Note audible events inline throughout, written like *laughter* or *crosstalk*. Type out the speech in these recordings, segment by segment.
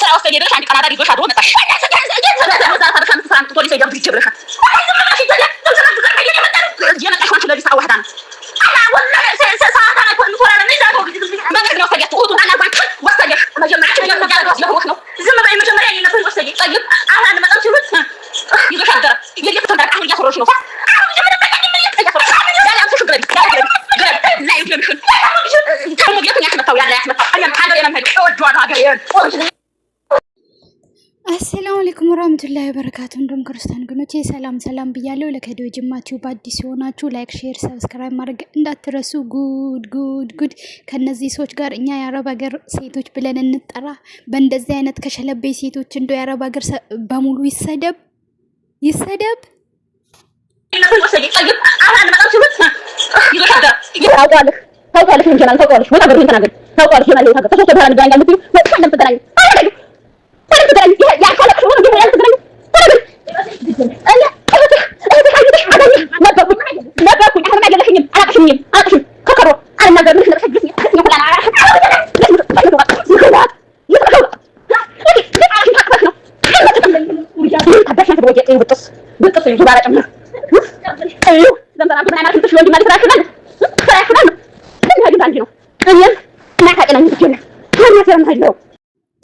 ስራ ወሰድ የብለሽ አንድ ቀን አዳር ይዞሽ አድሮ መጣሽ። ነው ያለ ያስመጣው ሀገር የመሄድ እወደዋለሁ ሀገር አለይኩም ወራህመቱላሂ ወበረካቱ እንዲሁም ክርስቲያን ግኖቼ ሰላም ሰላም ብያለሁ። ለከዲዮ ጅማችሁ በአዲስ ሲሆናችሁ ላይክ፣ ሼር፣ ሰብስክራይብ ማድረግ እንዳትረሱ። ጉድ ጉድ ጉድ! ከነዚህ ሰዎች ጋር እኛ የአረብ ሀገር ሴቶች ብለን እንጠራ። በእንደዚህ አይነት ከሸለበይ ሴቶች እንደው የአረብ ሀገር በሙሉ ይሰደብ ይሰደብ። ታውቃለሽ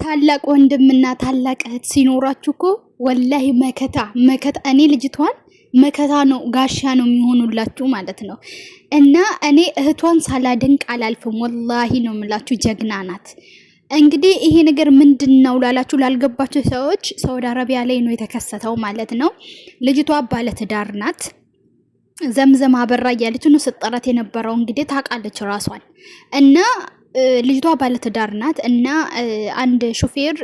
ታላቅ ወንድምና ታላቅ እህት ሲኖራችሁ እኮ ወላሂ መከታ መከታ እኔ ልጅቷን መከታ ነው ጋሻ ነው የሚሆኑላችሁ ማለት ነው። እና እኔ እህቷን ሳላድንቅ አላልፍም። ወላሂ ነው የምላችሁ፣ ጀግና ናት። እንግዲህ ይሄ ነገር ምንድን ነው ላላችሁ ላልገባችሁ ሰዎች ሳውዲ አረቢያ ላይ ነው የተከሰተው ማለት ነው። ልጅቷ ባለትዳር ናት። ዘምዘም አበራ እያለች ነው ስጠራት የነበረው እንግዲህ ታውቃለች ራሷን እና ልጅቷ ባለትዳር ናት እና አንድ ሹፌር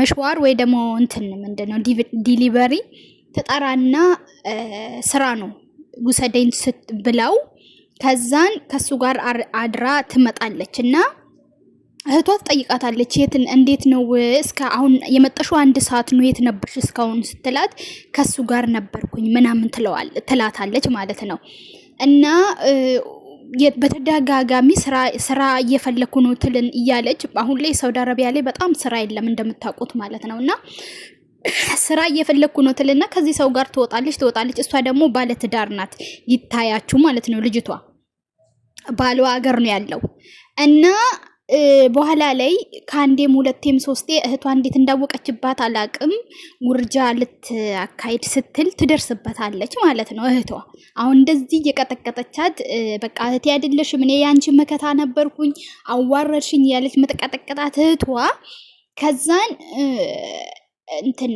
መሽዋር ወይ ደግሞ እንትን ምንድን ነው ዲሊቨሪ ትጠራና ስራ ነው ውሰደኝ ብላው ከዛን ከሱ ጋር አድራ ትመጣለች እና እህቷ ትጠይቃታለች። የትን እንዴት ነው እስከ አሁን የመጠሹ አንድ ሰዓት ነው የት ነበርሽ እስካሁን ስትላት ከሱ ጋር ነበርኩኝ ምናምን ትለዋል ትላታለች ማለት ነው እና በተደጋጋሚ ስራ እየፈለኩ ነው ትልን እያለች አሁን ላይ ሳውዲ አረቢያ ላይ በጣም ስራ የለም እንደምታውቁት ማለት ነው እና ስራ እየፈለግኩ ነው ትልና ከዚህ ሰው ጋር ትወጣለች ትወጣለች። እሷ ደግሞ ባለትዳር ናት ይታያችሁ ማለት ነው። ልጅቷ ባሏ ሀገር ነው ያለው እና በኋላ ላይ ከአንዴም ሁለቴም ሶስቴ እህቷ እንዴት እንዳወቀችባት አላቅም። ውርጃ ልትአካሄድ ስትል ትደርስበታለች ማለት ነው። እህቷ አሁን እንደዚህ እየቀጠቀጠቻት በቃ እህቴ አይደለሽም እኔ የአንቺ መከታ ነበርኩኝ አዋረድሽኝ ያለች መጠቀጠቀጣት እህቷ ከዛን እንትን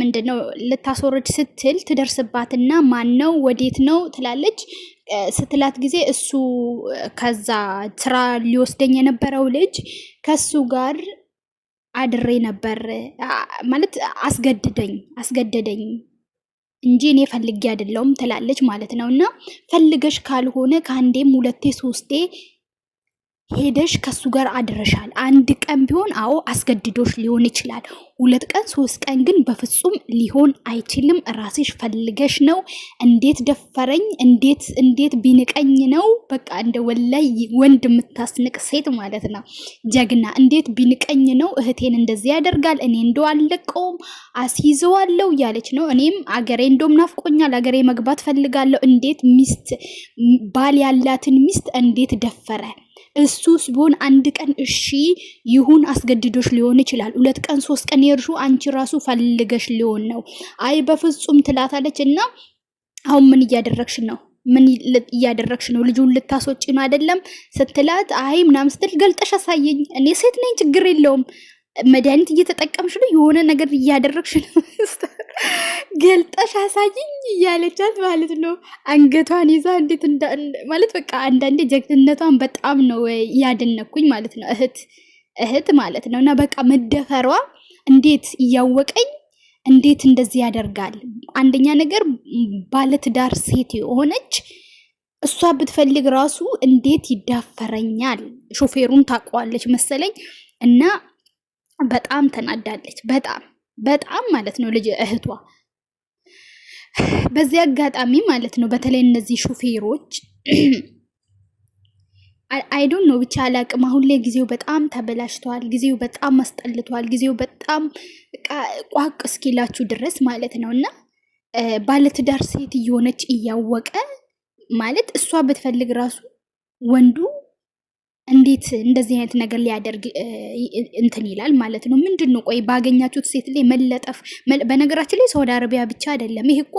ምንድን ነው ልታስወርድ ስትል ትደርስባትና ማን ነው ወዴት ነው ትላለች ስትላት ጊዜ እሱ ከዛ ስራ ሊወስደኝ የነበረው ልጅ ከሱ ጋር አድሬ ነበር ማለት አስገድደኝ አስገደደኝ እንጂ እኔ ፈልጌ አይደለሁም ትላለች ማለት ነው። እና ፈልገሽ ካልሆነ ከአንዴም ሁለቴ ሶስቴ ሄደሽ ከሱ ጋር አድረሻል። አንድ ቀን ቢሆን አዎ አስገድዶሽ ሊሆን ይችላል። ሁለት ቀን ሶስት ቀን ግን በፍጹም ሊሆን አይችልም። ራስሽ ፈልገሽ ነው። እንዴት ደፈረኝ፣ እንዴት እንዴት ቢንቀኝ ነው በቃ እንደ ወላይ ወንድ የምታስንቅ ሴት ማለት ነው። ጀግና እንዴት ቢንቀኝ ነው እህቴን እንደዚህ ያደርጋል። እኔ እንደው አልለቀውም አስይዘዋለው ያለች ነው። እኔም አገሬ እንደውም ናፍቆኛል፣ አገሬ መግባት ፈልጋለሁ። እንዴት ሚስት ባል ያላትን ሚስት እንዴት ደፈረ? እሱስ ቢሆን አንድ ቀን እሺ ይሁን አስገድዶሽ ሊሆን ይችላል። ሁለት ቀን ሶስት ቀን የርሹ አንቺ ራሱ ፈልገሽ ሊሆን ነው። አይ በፍጹም ትላታለች። እና አሁን ምን እያደረግሽ ነው? ምን እያደረግሽ ነው? ልጁን ልታስወጪ ነው አይደለም ስትላት፣ አይ ምናምን ስትል ገልጠሽ አሳየኝ፣ እኔ ሴት ነኝ፣ ችግር የለውም መድኃኒት እየተጠቀምሽ ነው፣ የሆነ ነገር እያደረግሽ ነው፣ ገልጠሽ አሳይኝ እያለቻት ማለት ነው። አንገቷን ይዛ እንዴት ማለት በቃ አንዳንዴ ጀግንነቷን በጣም ነው እያደነኩኝ ማለት ነው። እህት እህት ማለት ነው እና በቃ መደፈሯ እንዴት እያወቀኝ እንዴት እንደዚህ ያደርጋል? አንደኛ ነገር ባለትዳር ሴት የሆነች እሷ ብትፈልግ ራሱ እንዴት ይዳፈረኛል? ሾፌሩን ታውቀዋለች መሰለኝ እና በጣም ተናዳለች። በጣም በጣም ማለት ነው ልጅ እህቷ። በዚህ አጋጣሚ ማለት ነው በተለይ እነዚህ ሹፌሮች *clears throat* አይዶን ነው ብቻ አላቅም። አሁን ላይ ጊዜው በጣም ተበላሽተዋል። ጊዜው በጣም አስጠልቷል። ጊዜው በጣም ቋቅ እስኪላችሁ ድረስ ማለት ነው እና ባለትዳር ሴት እየሆነች እያወቀ ማለት እሷ ብትፈልግ ራሱ ወንዱ እንዴት እንደዚህ አይነት ነገር ሊያደርግ እንትን ይላል ማለት ነው። ምንድን ነው ቆይ ባገኛችሁት ሴት ላይ መለጠፍ? በነገራችን ላይ ሳውዲ አረቢያ ብቻ አይደለም። ይህ እኮ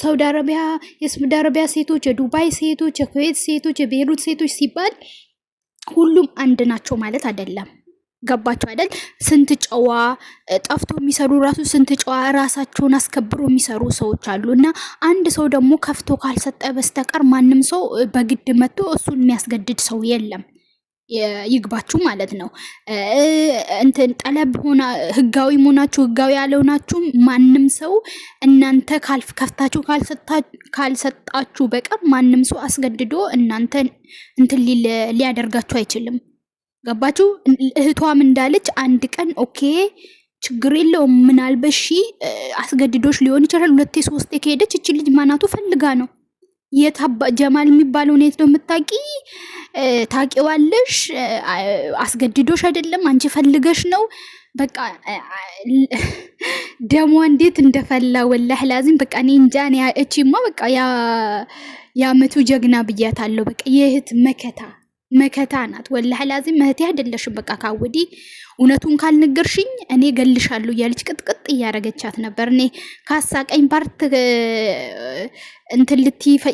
ሳውዲ አረቢያ፣ የሳውዲ አረቢያ ሴቶች፣ የዱባይ ሴቶች፣ የኩዌት ሴቶች፣ የቤሩት ሴቶች ሲባል ሁሉም አንድ ናቸው ማለት አይደለም። ገባቸው አይደል? ስንት ጨዋ ጠፍቶ የሚሰሩ ራሱ ስንት ጨዋ ራሳቸውን አስከብሮ የሚሰሩ ሰዎች አሉ። እና አንድ ሰው ደግሞ ከፍቶ ካልሰጠ በስተቀር ማንም ሰው በግድ መጥቶ እሱን የሚያስገድድ ሰው የለም። ይግባችሁ ማለት ነው። እንትን ጠለብ ሆና ህጋዊ መሆናችሁ ህጋዊ ያለሆናችሁ ማንም ሰው እናንተ ካልፍ ከፍታችሁ ካልሰጣችሁ በቀር ማንም ሰው አስገድዶ እናንተ እንትን ሊያደርጋችሁ አይችልም። ገባችሁ? እህቷም እንዳለች አንድ ቀን ኦኬ ችግር የለውም ምናልባት ሺ አስገድዶች ሊሆን ይችላል። ሁለቴ ሶስቴ ከሄደች እቺ ልጅ ማናቱ ፈልጋ ነው። የት ጀማል የሚባለውን የት ነው የምታቂ? ታቂዋለሽ። አስገድዶሽ አይደለም አንቺ ፈልገሽ ነው። በቃ ደሟ እንዴት እንደፈላ ወላህ ላዚም በቃ እኔ እንጃ። እቺማ በቃ የአመቱ ጀግና ብያታለሁ። በቃ የእህት መከታ መከታ ናት። ወላሂ ላዚም እህቴ አይደለሽም። በቃ ካውዲ እውነቱን ካልነገርሽኝ እኔ ገልሻለሁ እያለች ቅጥቅጥ እያደረገቻት ነበር። እኔ ካሳቀኝ ፓርት እንትን ልትይፈ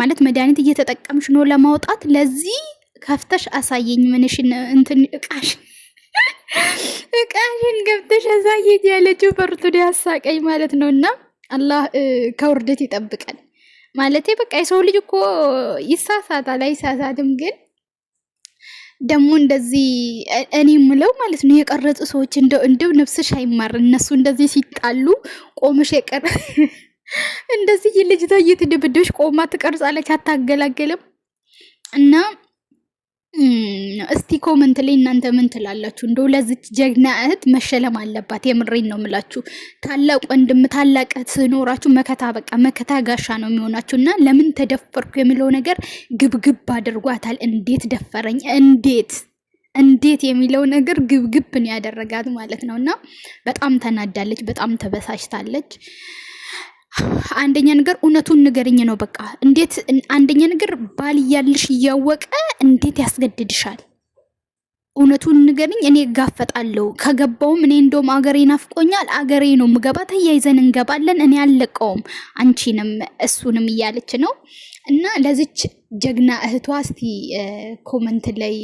ማለት መድኃኒት እየተጠቀምሽ ነው ለማውጣት። ለዚህ ከፍተሽ አሳየኝ ምንሽን እንትን እቃሽ *laughs* እቃሽን ገብተሽ አሳየኝ ያለችው ፓርቱ ያሳቀኝ ማለት ነው። እና አላህ ከውርደት ይጠብቀን። ማለቴ በቃ የሰው ልጅ እኮ ይሳሳታል አይሳሳትም ግን ደግሞ እንደዚህ እኔ ምለው ማለት ነው የቀረጹ ሰዎች እንደው እንደው ነፍስሽ አይማር። እነሱ እንደዚህ ሲጣሉ ቆምሽ የቀረ *laughs* እንደዚህ ልጅቷ እየተደበደበች ቆማ ትቀርጻለች፣ አታገላገልም እና ነው። እስቲ ኮመንት ላይ እናንተ ምን ትላላችሁ? እንደው ለዚች ጀግና እህት መሸለም አለባት። የምሬን ነው የምላችሁ። ታላቅ ወንድም ታላቅ እህት ስኖራችሁ መከታ በቃ መከታ ጋሻ ነው የሚሆናችሁ። እና ለምን ተደፈርኩ የሚለው ነገር ግብግብ አድርጓታል። እንዴት ደፈረኝ እንዴት እንዴት የሚለው ነገር ግብግብ ነው ያደረጋት ማለት ነው። እና በጣም ተናዳለች፣ በጣም ተበሳጭታለች። አንደኛ ነገር እውነቱን ንገርኝ ነው በቃ። እንዴት አንደኛ ነገር ባል እያልሽ እያወቀ እንዴት ያስገድድሻል? እውነቱን ንገሪኝ፣ እኔ እጋፈጣለሁ። ከገባውም እኔ እንደውም አገሬ ናፍቆኛል፣ አገሬ ነው ምገባ፣ ተያይዘን እንገባለን፣ እኔ አልለቀውም፣ አንቺንም እሱንም እያለች ነው። እና ለዚች ጀግና እህቷ እስቲ ኮመንት ላይ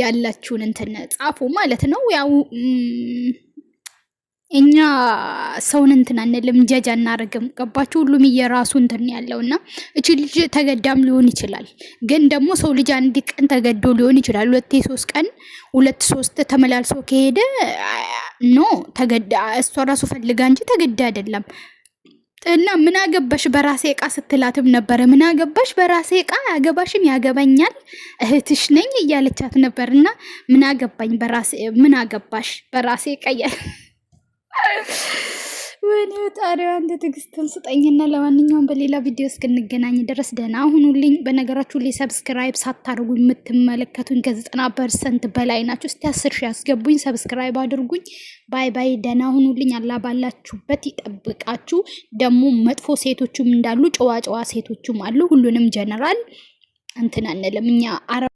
ያላችሁን እንትን ጻፉ ማለት ነው ያው እኛ ሰውን እንትን አንልም፣ ጀጅ አናደርግም። ገባችሁ? ሁሉም እየራሱ እንትን ያለው እና እች ልጅ ተገዳም ሊሆን ይችላል። ግን ደግሞ ሰው ልጅ አንድ ቀን ተገዶ ሊሆን ይችላል። ሁለት ሶስት ቀን ሁለት ሶስት ተመላልሶ ከሄደ ኖ ተገዳ፣ እሷ ራሱ ፈልጋ እንጂ ተገዳ አይደለም። እና ምን አገባሽ በራሴ እቃ ስትላትም ነበረ። ምን አገባሽ በራሴ እቃ አገባሽም፣ ያገባኛል፣ እህትሽ ነኝ እያለቻት ነበር። እና ምን አገባኝ በራሴ ምን አገባሽ በራሴ እቃ ወይኔ ፈጣሪው አንተ ትዕግስትን ስጠኝና፣ ለማንኛውም በሌላ ቪዲዮ እስክንገናኝ ድረስ ደህና ሁኑልኝ። በነገራችሁ ላይ ሰብስክራይብ ሳታደርጉ የምትመለከቱኝ ከዘጠና ፐርሰንት በላይ ናችሁ። እስቲ አስር ሺህ ያስገቡኝ፣ ሰብስክራይብ አድርጉኝ። ባይ ባይ፣ ደህና ሁኑልኝ። አላህ ባላችሁበት ይጠብቃችሁ። ደግሞ መጥፎ ሴቶቹም እንዳሉ ጨዋ ጨዋ ሴቶቹም አሉ። ሁሉንም ጀነራል እንትን አንልም እኛ